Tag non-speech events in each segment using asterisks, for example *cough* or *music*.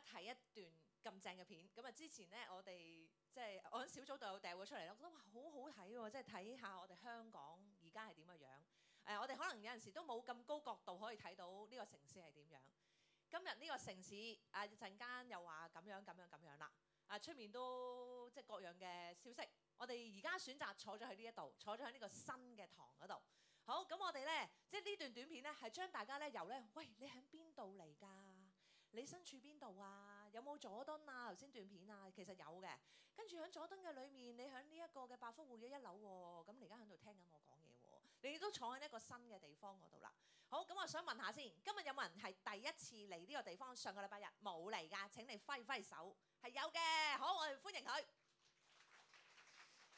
睇一段咁正嘅片，咁啊之前咧我哋即係我喺小組隊友掟咗出嚟咯，覺得哇好好睇、哦、即係睇下我哋香港而家係點嘅樣，樣，誒、呃、我哋可能有陣時都冇咁高角度可以睇到呢個城市係點樣，今日呢個城市啊，一陣間又話咁樣咁樣咁樣啦。啊，出、啊、面都即係各樣嘅消息。我哋而家選擇坐咗喺呢一度，坐咗喺呢個新嘅堂嗰度。好，咁我哋咧即係呢段短片咧，係將大家咧由咧喂你喺邊度嚟㗎。你身處邊度啊？有冇佐敦啊？頭先段片啊，其實有嘅。跟住喺佐敦嘅裏面，你喺呢一個嘅百福匯嘅一樓喎、哦嗯。咁你而家喺度聽緊我講嘢喎。你亦都坐喺一個新嘅地方嗰度啦。好，咁、嗯、我想問下先，今日有冇人係第一次嚟呢個地方？上個禮拜日冇嚟㗎。請你揮揮手，係有嘅。好，我哋歡迎佢。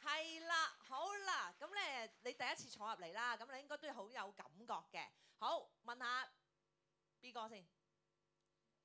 係啦， *laughs* 好啦，咁咧你，你第一次坐入嚟啦，咁你應該都好有感覺嘅。好，問下 B 哥先。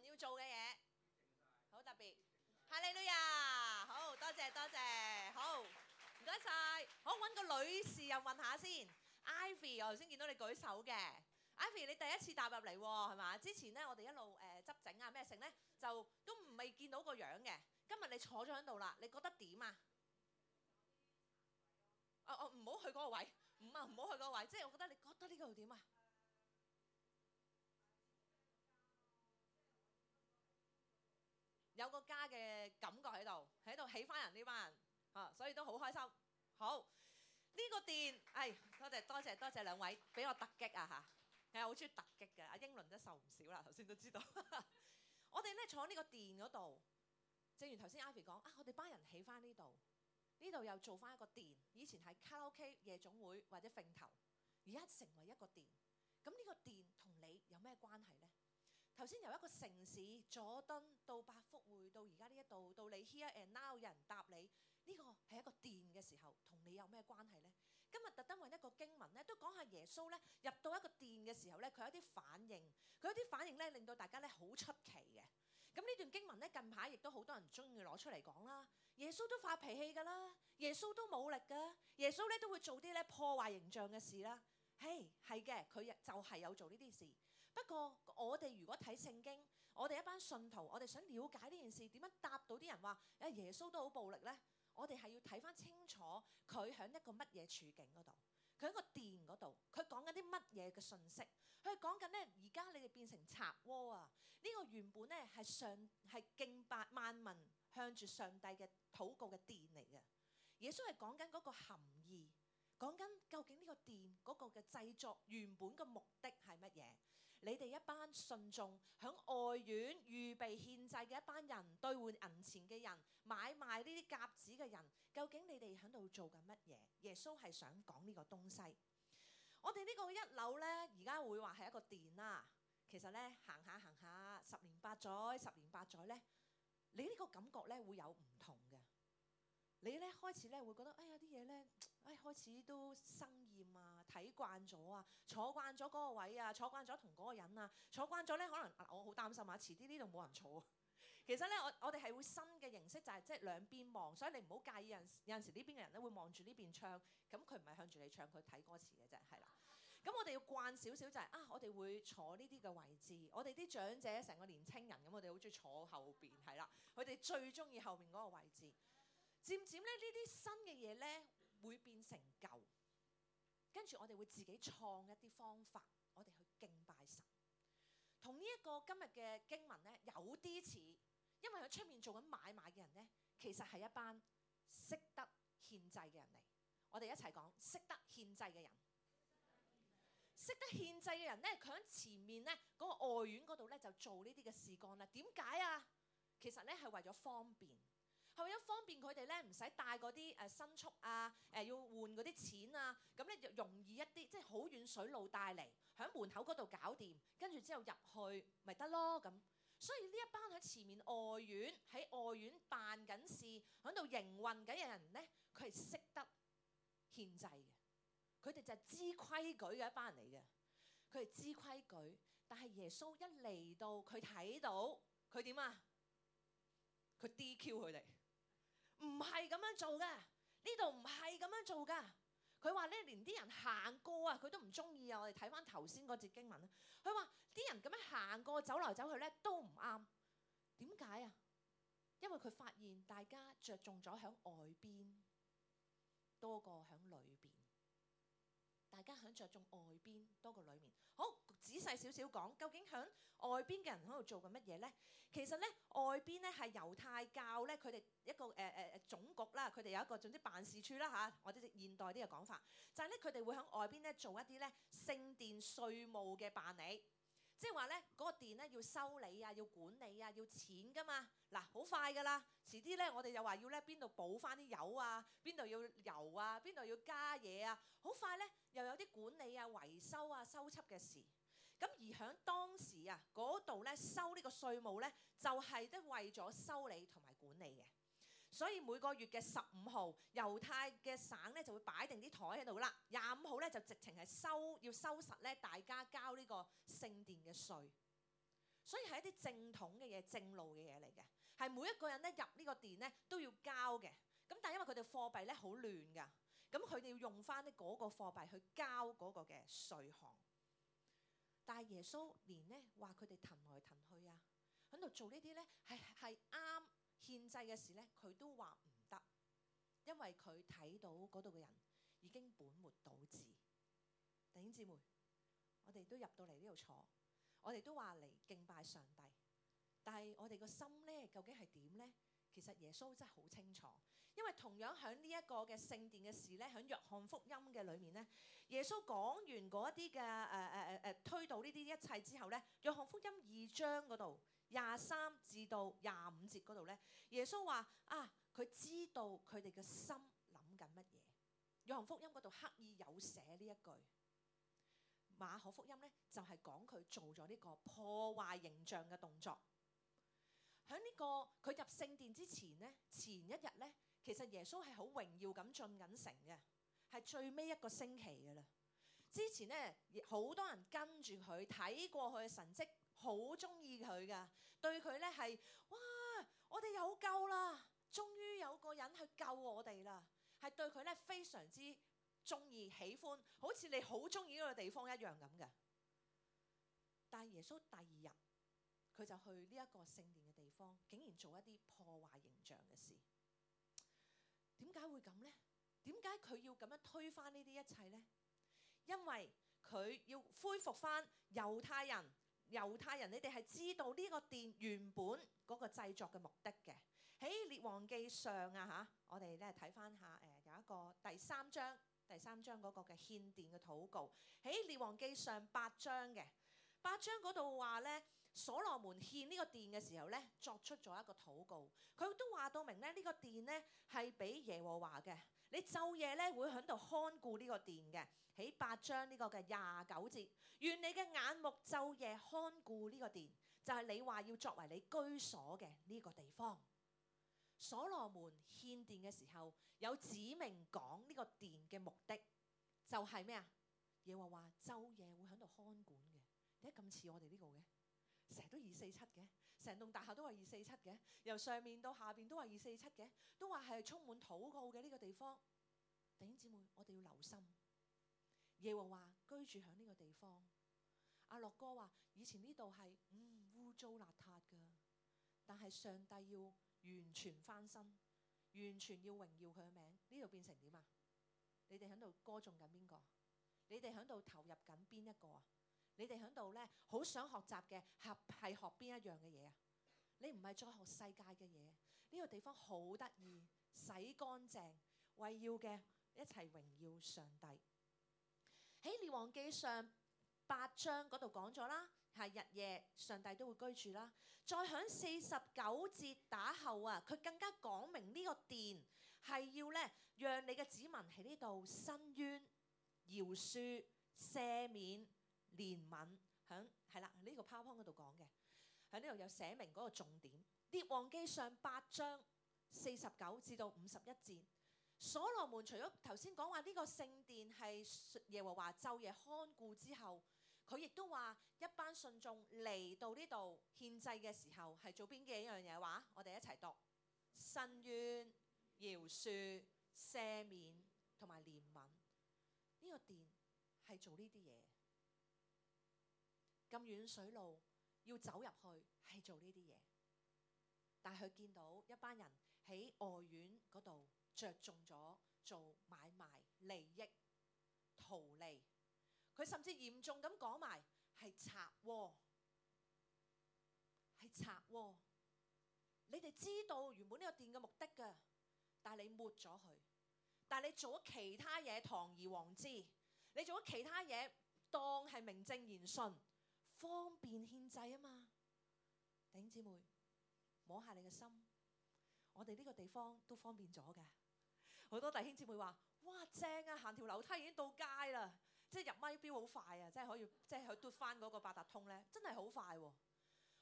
要做嘅嘢，好特別，係你女啊，好多謝多謝，好唔該晒，好揾個女士又問下先，Ivy 我頭先見到你舉手嘅，Ivy 你第一次踏入嚟喎，係嘛？之前咧我哋一路誒執整啊咩成咧，就都唔係見到個樣嘅，今日你坐咗喺度啦，你覺得點啊？哦哦唔好去嗰個位，唔啊唔好去嗰個位，即係我覺得你覺得呢個點啊？有個家嘅感覺喺度，喺度起翻人呢班人，嚇，所以都好開心。好，呢、呢個殿，係、哎、多謝多謝多謝兩位俾我突擊啊嚇，係好中意突擊嘅。阿英倫都受唔少啦，頭先都知道。 *laughs* 我哋咧坐喺呢個殿嗰度，正如頭先 ivy 講啊，我哋班人起翻呢度，呢度又做翻一個殿，以前係卡拉 OK 夜總會或者揈頭，而家成為一個殿。咁呢個殿同你有咩關係咧？頭先由一個城市佐敦到百福匯，到而家呢一度到你 here and now 有人答你，呢個係一個殿嘅時候，同你有咩關係呢？今日特登搵一個經文咧，都講下耶穌咧入到一個殿嘅時候咧，佢有啲反應，佢有啲反應咧，令到大家咧好出奇嘅。咁呢段經文咧，近排亦都好多人中意攞出嚟講啦。耶穌都發脾氣㗎啦，耶穌都冇力㗎，耶穌咧都會做啲咧破壞形象嘅事啦。嘿，係嘅，佢就係有做呢啲事。不過，我哋如果睇聖經，我哋一班信徒，我哋想了解呢件事點樣答到啲人話，誒耶穌都好暴力咧。我哋係要睇翻清楚佢喺一個乜嘢處境嗰度，佢喺個殿嗰度，佢講緊啲乜嘢嘅信息，佢講緊咧而家你哋變成賊窩啊！呢、這個原本咧係上係敬拜萬民向住上帝嘅禱告嘅殿嚟嘅，耶穌係講緊嗰個含義，講緊究竟呢個殿嗰、那個嘅製作原本嘅目的係乜嘢？你哋一班信眾喺外院預備獻祭嘅一班人，兌換銀錢嘅人，買賣呢啲鴿子嘅人，究竟你哋喺度做緊乜嘢？耶穌係想講呢個東西。我哋呢個一樓呢，而家會話係一個殿啊。其實呢，行下行下，十年八載，十年八載呢，你呢個感覺呢，會有唔同嘅。你呢，開始呢，會覺得，哎呀，啲嘢呢，哎，開始都生厭啊。睇慣咗啊，坐慣咗嗰個位啊，坐慣咗同嗰個人啊，坐慣咗咧，可能我好擔心啊，遲啲呢度冇人坐。其實咧，我我哋係會新嘅形式，就係即係兩邊望，所以你唔好介意有有陣時呢邊嘅人咧會望住呢邊唱，咁佢唔係向住你唱，佢睇歌詞嘅啫，係啦。咁我哋要慣少少就係啊，我哋會坐呢啲嘅位置，我哋啲長者成個年青人咁，我哋好中意坐後邊，係啦，佢哋最中意後邊嗰個位置。漸漸咧，呢啲新嘅嘢咧會變成舊。跟住我哋會自己創一啲方法，我哋去敬拜神，同呢一個今日嘅經文咧有啲似，因為喺出面做緊買賣嘅人咧，其實係一班識得獻祭嘅人嚟。我哋一齊講識得獻祭嘅人，識得獻祭嘅人咧，佢喺前面咧嗰個外院嗰度咧就做呢啲嘅事幹啦。點解啊？其實咧係為咗方便。係為咗方便佢哋咧，唔使帶嗰啲誒牲畜啊，誒、呃、要換嗰啲錢啊，咁咧就容易一啲，即係好遠水路帶嚟，喺門口嗰度搞掂，跟住之後入去咪得咯咁。所以呢一班喺前面外院喺外院辦緊事，喺度營運緊嘅人咧，佢係識得獻祭嘅，佢哋就係知規矩嘅一班人嚟嘅，佢係知規矩，但係耶穌一嚟到，佢睇到佢點啊？佢 DQ 佢哋。唔係咁樣做嘅，呢度唔係咁樣做嘅。佢話咧，連啲人行過啊，佢都唔中意啊。我哋睇翻頭先嗰節經文啦。佢話啲人咁樣行過走來走去咧，都唔啱。點解啊？因為佢發現大家着重咗喺外邊多過喺裏邊，大家喺着重外邊多過裏面。好。仔細少少講，究竟響外邊嘅人喺度做緊乜嘢呢？其實呢，外邊呢係猶太教呢，佢哋一個誒誒誒總局啦，佢哋有一個總之辦事處啦吓，啊，或者現代啲嘅講法，就係、是、呢，佢哋會響外邊呢做一啲呢聖殿稅務嘅辦理，即係話呢嗰、那個殿呢要修理啊，要管理啊，要錢噶嘛，嗱好快噶啦，遲啲呢我哋又話要呢邊度補翻啲油啊，邊度要油啊，邊度要加嘢啊，好快呢，又有啲管理啊、維修啊、修葺嘅事。咁而喺當時啊，嗰度咧收呢個稅務咧，就係即係為咗修理同埋管理嘅。所以每個月嘅十五號，猶太嘅省咧就會擺定啲台喺度啦。廿五號咧就直情係收要收實咧，大家交呢個聖殿嘅稅。所以係一啲正統嘅嘢，正路嘅嘢嚟嘅。係每一個人咧入呢個殿咧都要交嘅。咁但係因為佢哋貨幣咧好亂㗎，咁佢哋要用翻咧嗰個貨幣去交嗰個嘅稅項。但係耶穌連咧話佢哋騰來騰去啊，喺度做呢啲呢係啱獻祭嘅事呢，佢都話唔得，因為佢睇到嗰度嘅人已經本末倒置。弟兄姊妹，我哋都入到嚟呢度坐，我哋都話嚟敬拜上帝，但係我哋個心呢，究竟係點呢？其實耶穌真係好清楚，因為同樣喺呢一個嘅聖殿嘅事，呢喺約翰福音嘅裏面，呢耶穌講完嗰啲嘅誒誒誒推倒呢啲一切之後，呢約翰福音二章嗰度，廿三至到廿五節嗰度，呢耶穌話啊，佢知道佢哋嘅心諗緊乜嘢。約翰福音嗰度刻意有寫呢一句。馬可福音呢就係講佢做咗呢個破壞形象嘅動作。響呢個佢入聖殿之前咧，前一日咧，其實耶穌係好榮耀咁進緊城嘅，係最尾一個星期噶啦。之前咧，好多人跟住佢睇過佢嘅神蹟，好中意佢噶，對佢咧係哇，我哋有救啦，終於有個人去救我哋啦，係對佢咧非常之中意喜歡，好似你好中意呢個地方一樣咁嘅。但係耶穌第二日，佢就去呢一個聖殿。竟然做一啲破壞形象嘅事，點解會咁呢？點解佢要咁樣推翻呢啲一切呢？因為佢要恢復翻猶太人，猶太人你哋係知道呢個殿原本嗰個製作嘅目的嘅。喺列王記上啊吓，我哋咧睇翻下誒，看看有一個第三章，第三章嗰個嘅獻殿嘅禱告喺列王記上八章嘅，八章嗰度話呢。所羅門獻呢個殿嘅時候呢，作出咗一個禱告，佢都話到明呢，呢個殿呢，係俾耶和華嘅，你晝夜呢，會喺度看顧呢個殿嘅，起八章呢個嘅廿九節，願你嘅眼目晝夜看顧呢個殿，就係、是、你話要作為你居所嘅呢個地方。所羅門獻殿嘅時候有指明講呢個殿嘅目的，就係咩啊？耶和華晝夜會喺度看管嘅，點解咁似我哋呢、這個嘅？成日都二四七嘅，成棟大廈都話二四七嘅，由上面到下邊都話二四七嘅，都話係充滿禱告嘅呢個地方。弟兄姊妹，我哋要留心，耶和華居住響呢個地方。阿樂哥話以前呢度係污糟邋遢噶，但係上帝要完全翻身，完全要榮耀佢嘅名。呢度變成點啊？你哋響度歌頌緊邊個？你哋響度投入緊邊一個啊？你哋喺度呢，好想學習嘅合係學邊一樣嘅嘢啊？你唔係再學世界嘅嘢，呢、這個地方好得意，洗乾淨，為要嘅一齊榮耀上帝。喺列王記上八章嗰度講咗啦，係日夜上帝都會居住啦。再響四十九節打後啊，佢更加講明呢個殿係要呢，讓你嘅子民喺呢度伸冤、饒恕、赦免。憐憫，喺係啦，呢個 powerpoint 嗰度講嘅，喺呢度有寫明嗰個重點。列王記上八章四十九至到五十一節，所羅門除咗頭先講話呢個聖殿係耶和華晝夜看顧之後，佢亦都話一班信眾嚟到呢度獻祭嘅時候係做邊幾樣嘢？話，我哋一齊讀，伸冤、饒恕、赦免同埋憐憫，呢、這個殿係做呢啲嘢。咁遠水路要走入去係做呢啲嘢。但係佢見到一班人喺外院嗰度着重咗做買賣利益、圖利，佢甚至嚴重咁講埋係賊窩，係賊窩。你哋知道原本呢個殿嘅目的㗎，但係你抹咗佢，但係你做咗其他嘢堂而皇之，你做咗其他嘢當係名正言順。方便獻祭啊嘛，弟兄姊妹摸下你嘅心，我哋呢個地方都方便咗㗎，好多弟兄姊妹話，哇，正啊，行條樓梯已經到街啦，即係入米標好快啊，即係可以即係去嘟翻嗰個八達通呢，真係好快喎、啊。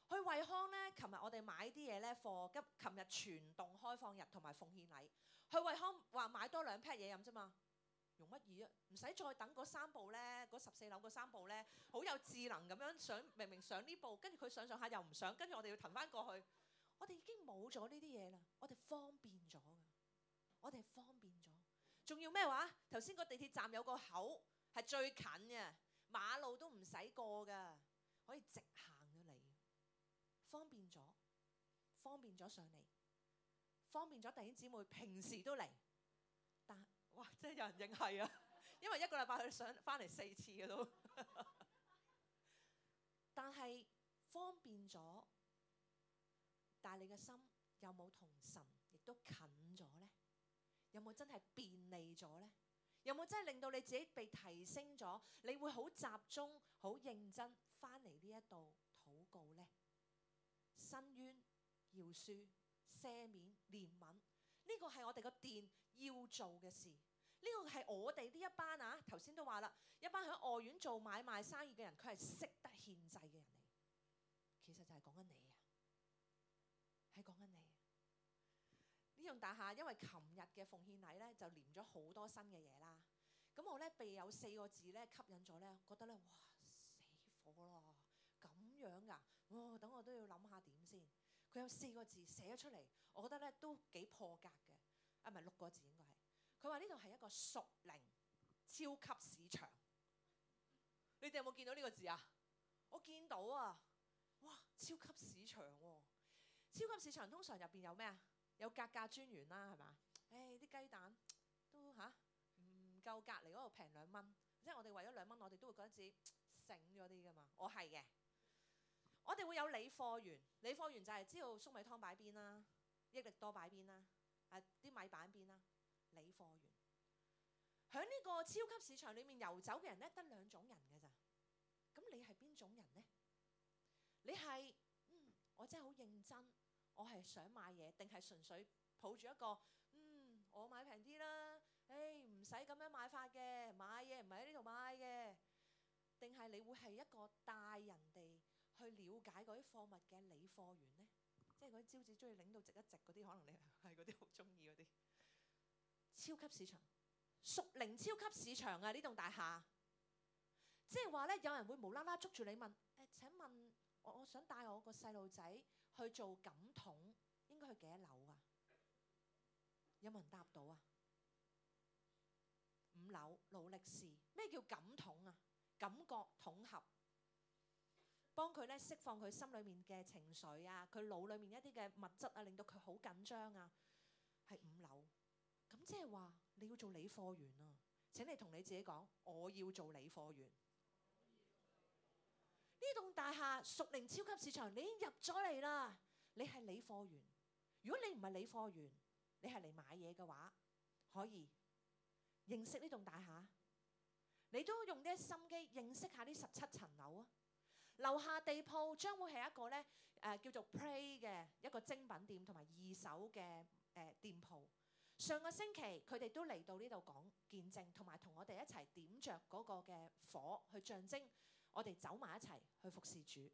去惠康呢，琴日我哋買啲嘢呢貨急，琴日全動開放日同埋奉獻禮，去惠康話買多兩劈嘢飲啫嘛。用乜嘢啊？唔使再等嗰三步咧，嗰十四樓嗰三步咧，好有智能咁樣上，明明上呢步，跟住佢上上下又唔上，跟住我哋要騰返過去。我哋已經冇咗呢啲嘢啦，我哋方便咗噶，我哋方便咗。仲要咩話？頭先個地鐵站有個口係最近嘅，馬路都唔使過噶，可以直行咗嚟，方便咗，方便咗上嚟，方便咗弟兄姊妹平時都嚟。哇！真係有人認係啊！ *laughs* 因為一個禮拜佢上翻嚟四次嘅都， *laughs* 但係方便咗，但係你嘅心有冇同神亦都近咗呢？有冇真係便利咗呢？有冇真係令到你自己被提升咗？你會好集中、好認真翻嚟呢一度禱告呢：「申冤、饒恕、赦免、憐憫」，呢、這個係我哋嘅殿。要做嘅事，呢、這個係我哋呢一班啊，頭先都話啦，一班喺外院做買賣生意嘅人，佢係識得獻祭嘅人嚟。其實就係講緊你啊，係講緊你。呢棟大廈因為琴日嘅奉獻禮呢，就連咗好多新嘅嘢啦。咁我呢，被有四個字呢吸引咗呢，覺得呢，哇，死火咯，咁樣噶，哇、哦！等我都要諗下點先。佢有四個字寫咗出嚟，我覺得呢，都幾破格嘅。啊，唔係六個字，應該係。佢話呢度係一個熟齡超級市場。你哋有冇見到呢個字啊？我見到啊！哇，超級市場喎、啊。超級市場通常入邊有咩啊？有格價專員啦、啊，係嘛？唉、哎，啲雞蛋都吓，唔、啊、夠隔離嗰度平兩蚊。即、就、係、是、我哋為咗兩蚊，我哋都會覺得自己醒咗啲噶嘛。我係嘅。我哋會有理貨員，理貨員就係知道粟米湯擺邊啦、啊，益力多擺邊啦、啊。啊！啲米板邊啦，理貨員喺呢個超級市場裏面遊走嘅人呢，得兩種人嘅咋？咁你係邊種人呢？你係嗯，我真係好認真，我係想買嘢，定係純粹抱住一個嗯，我買平啲啦，唉，唔使咁樣買法嘅，買嘢唔係喺呢度買嘅，定係你會係一個帶人哋去了解嗰啲貨物嘅理貨員？招子中意拎到直一直嗰啲，可能你係嗰啲好中意嗰啲。超級市場，屬靈超級市場啊！呢棟大廈，即係話呢，有人會無啦啦捉住你問：誒、欸，請問我，我想帶我個細路仔去做感統，應該去幾多樓啊？有冇人答到啊？五樓，勞力士。咩叫感統啊？感覺統合。幫佢咧釋放佢心裏面嘅情緒啊！佢腦裏面一啲嘅物質啊，令到佢好緊張啊，係五樓。咁即係話你要做理貨員啊！請你同你自己講，我要做理貨員。呢 *music* 棟大廈屬靈超級市場，你已經入咗嚟啦。你係理貨員。如果你唔係理貨員，你係嚟買嘢嘅話，可以認識呢棟大廈。你都用啲心機認識下呢十七層樓啊！樓下地鋪將會係一個咧誒、呃、叫做 Play 嘅一個精品店同埋二手嘅誒、呃、店鋪。上個星期佢哋都嚟到呢度講見證同埋同我哋一齊點着個嘅火，去象徵我哋走埋一齊去服侍主。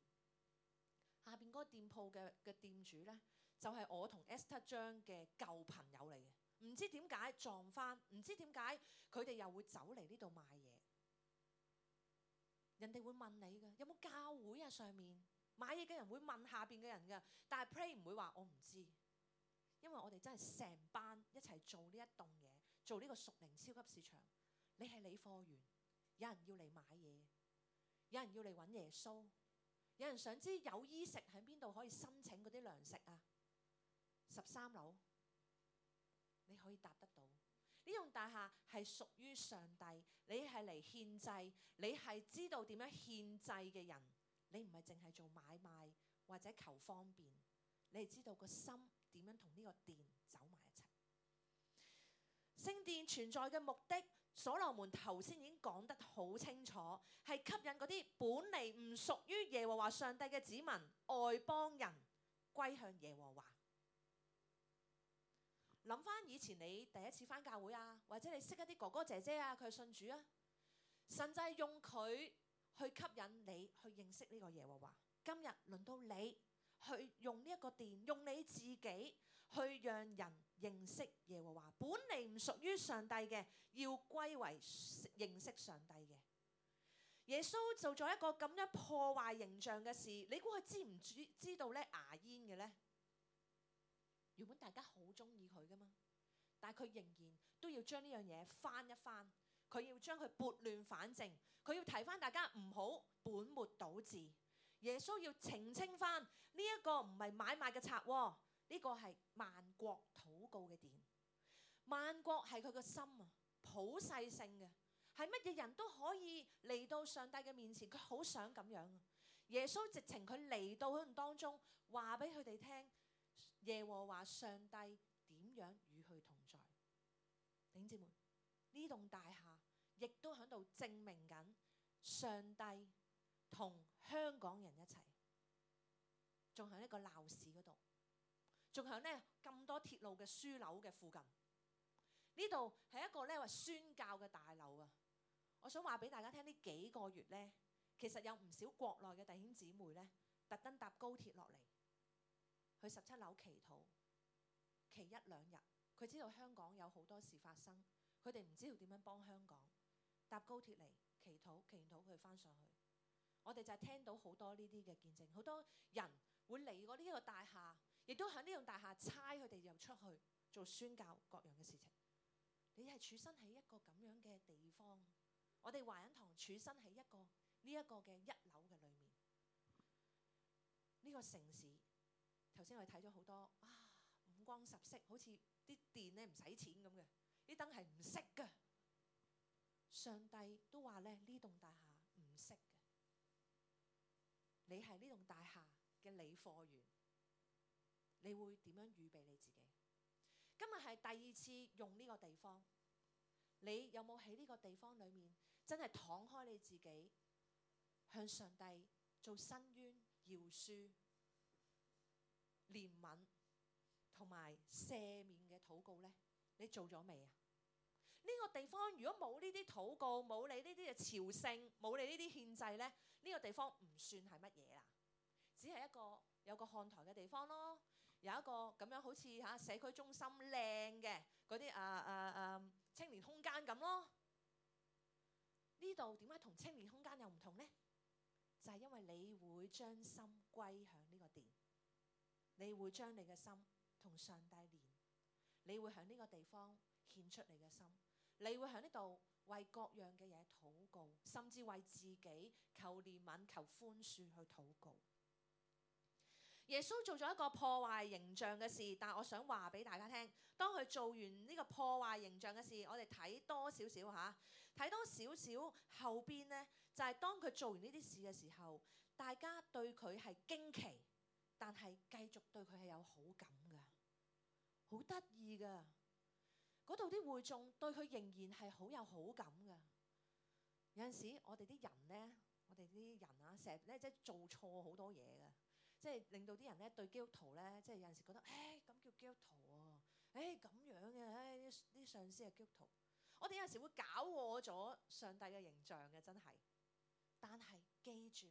下邊個店鋪嘅嘅店主咧，就係、是、我同 Esther 張嘅舊朋友嚟嘅，唔知點解撞返，唔知點解佢哋又會走嚟呢度賣嘢。人哋會問你㗎，有冇教會啊？上面買嘢嘅人會問下邊嘅人㗎，但係 pray 唔會話我唔知，因為我哋真係成班一齊做呢一棟嘢，做呢個屬靈超級市場。你係理貨員，有人要嚟買嘢，有人要嚟揾耶穌，有人想知有衣食喺邊度可以申請嗰啲糧食啊？十三樓，你可以答得到。呢棟大廈係屬於上帝，你係嚟獻祭，你係知道點樣獻祭嘅人，你唔係淨係做買賣或者求方便，你係知道個心點樣同呢個殿走埋一齊。聖殿存在嘅目的，所羅門頭先已經講得好清楚，係吸引嗰啲本嚟唔屬於耶和華上帝嘅子民，外邦人，歸向耶和華。諗翻以前你第一次返教會啊，或者你識一啲哥哥姐姐啊，佢係信主啊，甚至係用佢去吸引你去認識呢個耶和華。今日輪到你去用呢一個電，用你自己去讓人認識耶和華。本嚟唔屬於上帝嘅，要歸為認識上帝嘅。耶穌做咗一個咁樣破壞形象嘅事，你估佢知唔知知道呢牙煙嘅呢？原本大家好中意佢噶嘛，但係佢仍然都要將呢樣嘢翻一翻，佢要將佢撥亂反正，佢要提翻大家唔好本末倒置。耶穌要澄清翻呢一個唔係買賣嘅賊窩，呢個係萬國禱告嘅殿。萬國係佢個心啊，普世性嘅，係乜嘢人都可以嚟到上帝嘅面前，佢好想咁樣。耶穌直情佢嚟到當中話俾佢哋聽。耶和華上帝點樣與佢同在？弟兄姊妹，呢棟大廈亦都喺度證明緊上帝同香港人一齊，仲喺呢個鬧市嗰度，仲喺呢咁多鐵路嘅樞紐嘅附近。呢度係一個呢話宣教嘅大樓啊！我想話俾大家聽，呢幾個月呢，其實有唔少國內嘅弟兄姊妹呢，特登搭高鐵落嚟。去十七樓祈禱，祈一兩日。佢知道香港有好多事發生，佢哋唔知道點樣幫香港。搭高鐵嚟祈禱，祈禱佢翻上去。我哋就係聽到好多呢啲嘅見證，好多人會嚟過呢個大廈，亦都喺呢棟大廈差佢哋又出去做宣教各樣嘅事情。你係處身喺一個咁樣嘅地方，我哋華仁堂處身喺一個呢、呢個、一個嘅一樓嘅裏面，呢、呢個城市。頭先我哋睇咗好多啊，五光十色，好似啲電唔使錢咁嘅，啲燈係唔熄嘅。上帝都話咧，呢棟大廈唔熄嘅。你係呢棟大廈嘅理貨員，你會點樣預備你自己？今日係第二次用呢個地方，你有冇喺呢個地方裡面真係敞開你自己，向上帝做伸冤、饒恕？憐憫同埋赦免嘅禱告咧，你做咗未啊？呢、呢個地方如果冇呢啲禱告，冇你，你呢啲嘅朝聖，冇你呢啲獻祭咧，呢個地方唔算係乜嘢啦，只係一個有個看台嘅地方咯，有一個咁樣好似吓、啊、社區中心靚嘅啲啊啊啊青年空間咁咯。呢度點解同青年空間又唔同咧？就係、是、因為你會將心歸向。你會將你嘅心同上帝連，你會喺呢個地方獻出你嘅心，你會喺呢度為各樣嘅嘢禱告，甚至為自己求憐憫、求寬恕去禱告。耶穌做咗一個破壞形象嘅事，但係我想話俾大家聽，當佢做完呢個破壞形象嘅事，我哋睇多少少吓，睇多少少後邊呢，就係當佢做完呢啲事嘅時候，大家對佢係驚奇。但係繼續對佢係有好感噶，好得意噶，嗰度啲會眾對佢仍然係好有好感噶。有陣時我哋啲人呢，我哋啲人啊，成日呢，即係做錯好多嘢噶，即係令到啲人呢對基督徒呢，即係有陣時覺得，誒、哎、咁叫基督徒啊，誒、哎、咁樣嘅、啊，誒、哎、啲上司係基督徒，我哋有陣時會搞錯咗上帝嘅形象嘅，真係。但係記住。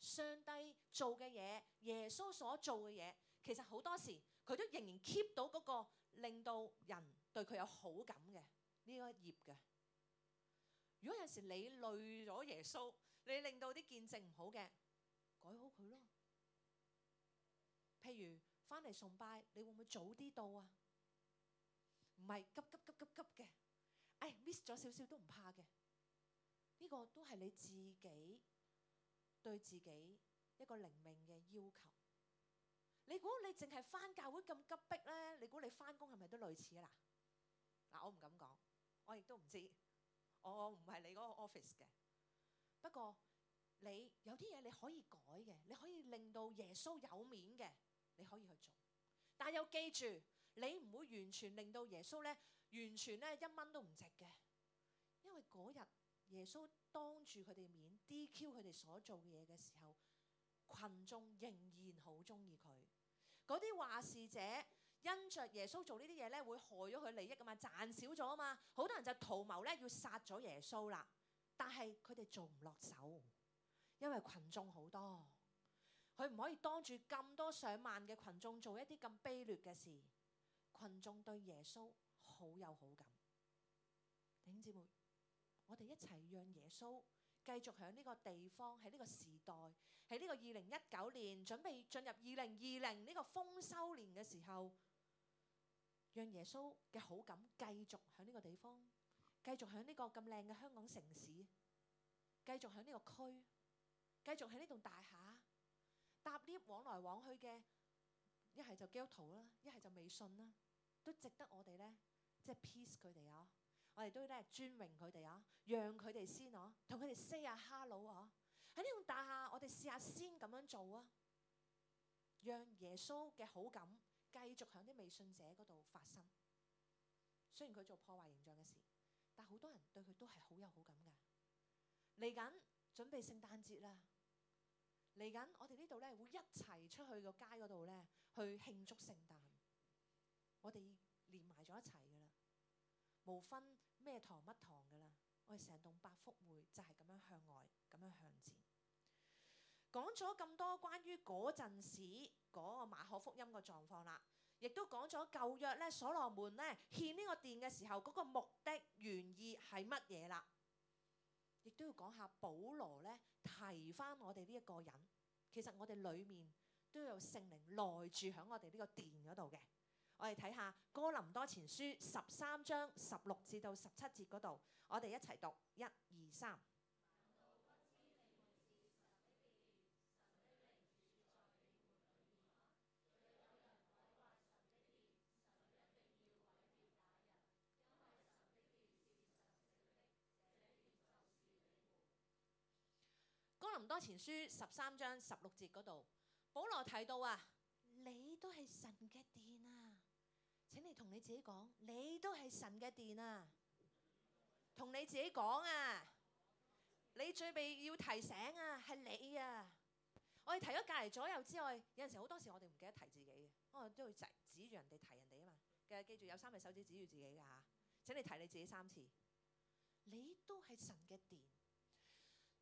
上帝做嘅嘢，耶穌所做嘅嘢，其實好多時佢都仍然 keep 到嗰、那個令到人對佢有好感嘅呢個頁嘅。如果有時你累咗耶穌，你令到啲見證唔好嘅，改好佢咯。譬如翻嚟崇拜，你會唔會早啲到啊？唔係急急急急急嘅，唉，miss 咗少少都唔怕嘅。呢、這個都係你自己。對自己一個靈命嘅要求，你估你淨係返教會咁急迫呢？你估你返工係咪都類似啊？嗱，我唔敢講，我亦都唔知，我唔係你嗰個 office 嘅。不過你有啲嘢你可以改嘅，你可以令到耶穌有面嘅，你可以去做。但係又記住，你唔會完全令到耶穌呢，完全呢一蚊都唔值嘅，因為嗰日。耶穌當住佢哋面 DQ 佢哋所做嘢嘅時候，群眾仍然好中意佢。嗰啲話事者因着耶穌做呢啲嘢咧，會害咗佢利益噶嘛，賺少咗啊嘛，好多人就圖謀咧要殺咗耶穌啦。但係佢哋做唔落手，因為群眾好多，佢唔可以當住咁多上萬嘅群眾做一啲咁卑劣嘅事。群眾對耶穌好有好感，我哋一齊讓耶穌繼續喺呢個地方，喺呢個時代，喺呢個二零一九年，準備進入二零二零呢個豐收年嘅時候，讓耶穌嘅好感繼續喺呢個地方，繼續喺呢個咁靚嘅香港城市，繼續喺呢個區，繼續喺呢棟大廈，搭 lift 往來往去嘅，一係就基督徒啦，一係就未信啦，都值得我哋呢——即係 peace 佢哋啊！我哋都咧尊榮佢哋啊，讓佢哋先啊，同佢哋 say 下哈 e 啊，喺呢種大下，我哋試下先咁樣做啊，讓耶穌嘅好感繼續喺啲未信者嗰度發生。雖然佢做破壞形象嘅事，但好多人對佢都係好有好感嘅。嚟緊準備聖誕節啦，嚟緊我哋呢度咧會一齊出去個街嗰度咧去慶祝聖誕。我哋連埋咗一齊噶啦，無分。咩堂乜堂噶啦？我哋成棟百福會就係咁樣向外咁樣向前。講咗咁多關於嗰陣時嗰個馬可福音嘅狀況啦，亦都講咗舊約呢，所羅門呢，獻呢個殿嘅時候嗰個目的原意係乜嘢啦？亦都要講下保羅呢，提返我哋呢一個人，其實我哋裏面都有聖靈內住喺我哋呢個殿嗰度嘅。我哋睇下哥林多前書十三章十六至到十七節嗰度，我哋一齊讀一二三。哥林多前書十三章十六節嗰度，保羅提到啊，你都係神嘅殿啊。請你同你自己講，你都係神嘅殿啊！同你自己講啊！你最備要提醒啊，係你啊！我哋提咗隔籬左右之外，有陣時好多時我哋唔記得提自己嘅，我、哦、哋都會指住人哋提人哋啊嘛。嘅記住有三隻手指指住自己噶吓，請你提你自己三次。你都係神嘅殿。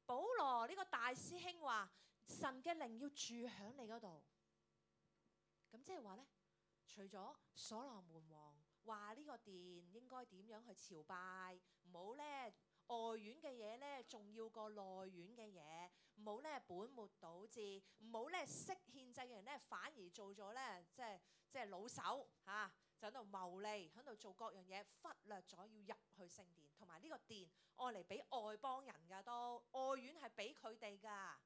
保羅呢個大師兄話，神嘅靈要住響你嗰度。咁即係話呢。除咗所羅門王話呢個殿應該點樣去朝拜，唔好呢外院嘅嘢呢，重要過內院嘅嘢，唔好呢本末倒置，唔好呢識獻祭嘅人呢，反而做咗呢，即係即係老手嚇、啊，就喺度牟利，喺度做各樣嘢，忽略咗要入去聖殿，同埋呢個殿愛嚟俾外邦人㗎，都外院係俾佢哋㗎，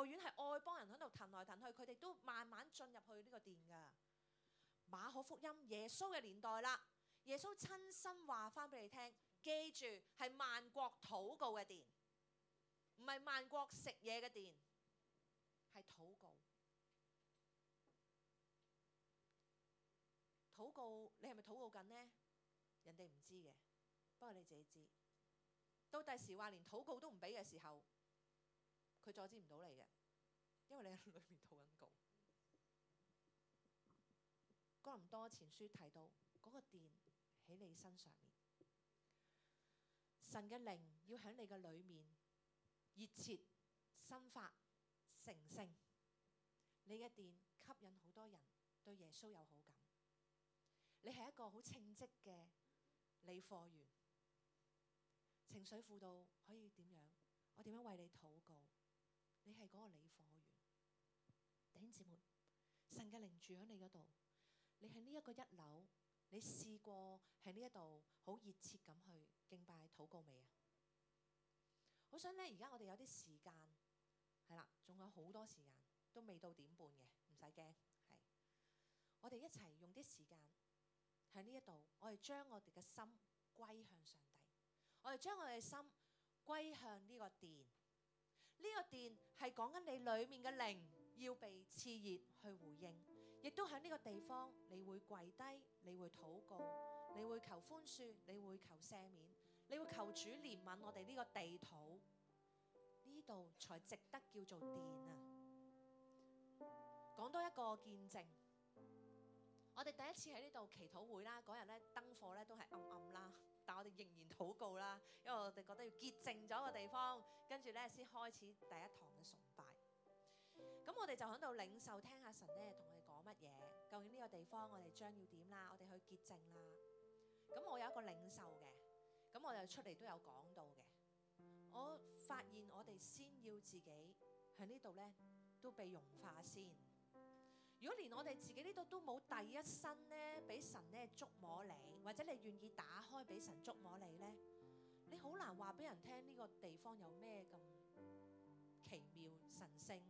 外院係外，外邦人喺度騰來騰去，佢哋都慢慢進入去呢個殿㗎。馬可福音耶穌嘅年代啦，耶穌親身話翻俾你聽，記住係萬國禱告嘅殿，唔係萬國食嘢嘅殿，係禱告。禱告你係咪禱告緊呢？人哋唔知嘅，不過你自己知。到第時話連禱告都唔俾嘅時候，佢阻止唔到你嘅，因為你喺裏面禱緊告。哥林多前書提到，嗰、那個殿喺你身上面，神嘅靈要喺你嘅裡面，熱切、生發、成聖。你嘅殿吸引好多人對耶穌有好感，你係一個好稱職嘅理貨員，情緒輔導可以點樣？我點樣為你禱告？你係嗰個理貨員，弟兄姊妹，神嘅靈住喺你嗰度。你喺呢一個一樓，你試過喺呢一度好熱切咁去敬拜禱告未啊？好想呢。而家我哋有啲時間，係啦，仲有好多時間，都未到點半嘅，唔使驚。係，我哋一齊用啲時間喺呢一度，我哋將我哋嘅心歸向上帝，我哋將我哋嘅心歸向呢個殿，呢個殿係講緊你裡面嘅靈要被刺激去回應。亦都喺呢個地方，你會跪低，你會禱告，你會求寬恕，你會求赦免，你會求主憐憫我哋呢個地土，呢度才值得叫做殿啊！講多一個見證，我哋第一次喺呢度祈禱會啦，嗰日呢，燈火呢都係暗暗啦，但我哋仍然禱告啦，因為我哋覺得要潔淨咗個地方，跟住呢，先開始第一堂嘅崇拜。咁我哋就喺度領受，聽下神呢同佢。乜嘢？究竟呢個地方我哋將要點啦？我哋去潔淨啦。咁我有一個領袖嘅，咁我就出嚟都有講到嘅。我發現我哋先要自己喺呢度呢，都被融化先。如果連我哋自己呢度都冇第一身呢，俾神呢捉摸你，或者你願意打開俾神捉摸你呢，你好難話俾人聽呢個地方有咩咁奇妙神聖。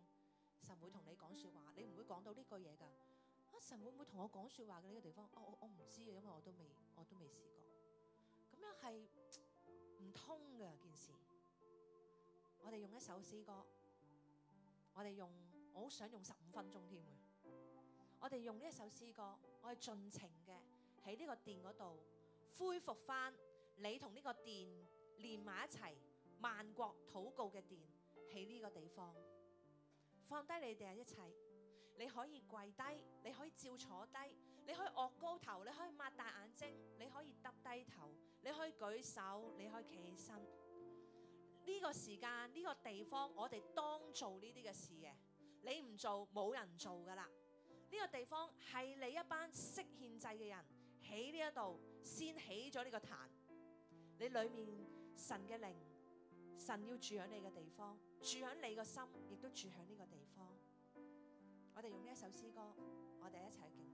神會同你講說話，你唔會講到呢句嘢噶。神會唔會同我講說話嘅呢個地方？哦，我我唔知嘅，因為我都未，我都未試過。咁樣係唔通嘅件事。我哋用一首詩歌，我哋用，我好想用十五分鐘添。我哋用呢一首詩歌，我哋盡情嘅喺呢個殿嗰度恢復翻你同呢個殿連埋一齊，萬國禱告嘅殿喺呢個地方，放低你哋一切。你可以跪低，你可以照坐低，你可以岳高頭，你可以擘大眼睛，你可以耷低頭，你可以舉手，你可以企起身。呢個時間，呢個地方，我哋當做呢啲嘅事嘅。你唔做，冇人做噶啦。呢個地方係你一班識獻祭嘅人起呢一度，先起咗呢個壇。你裏面神嘅靈，神要住響你嘅地方，住響你個心，亦都住響呢個地方。我哋用呢一首詩歌，我哋一齊。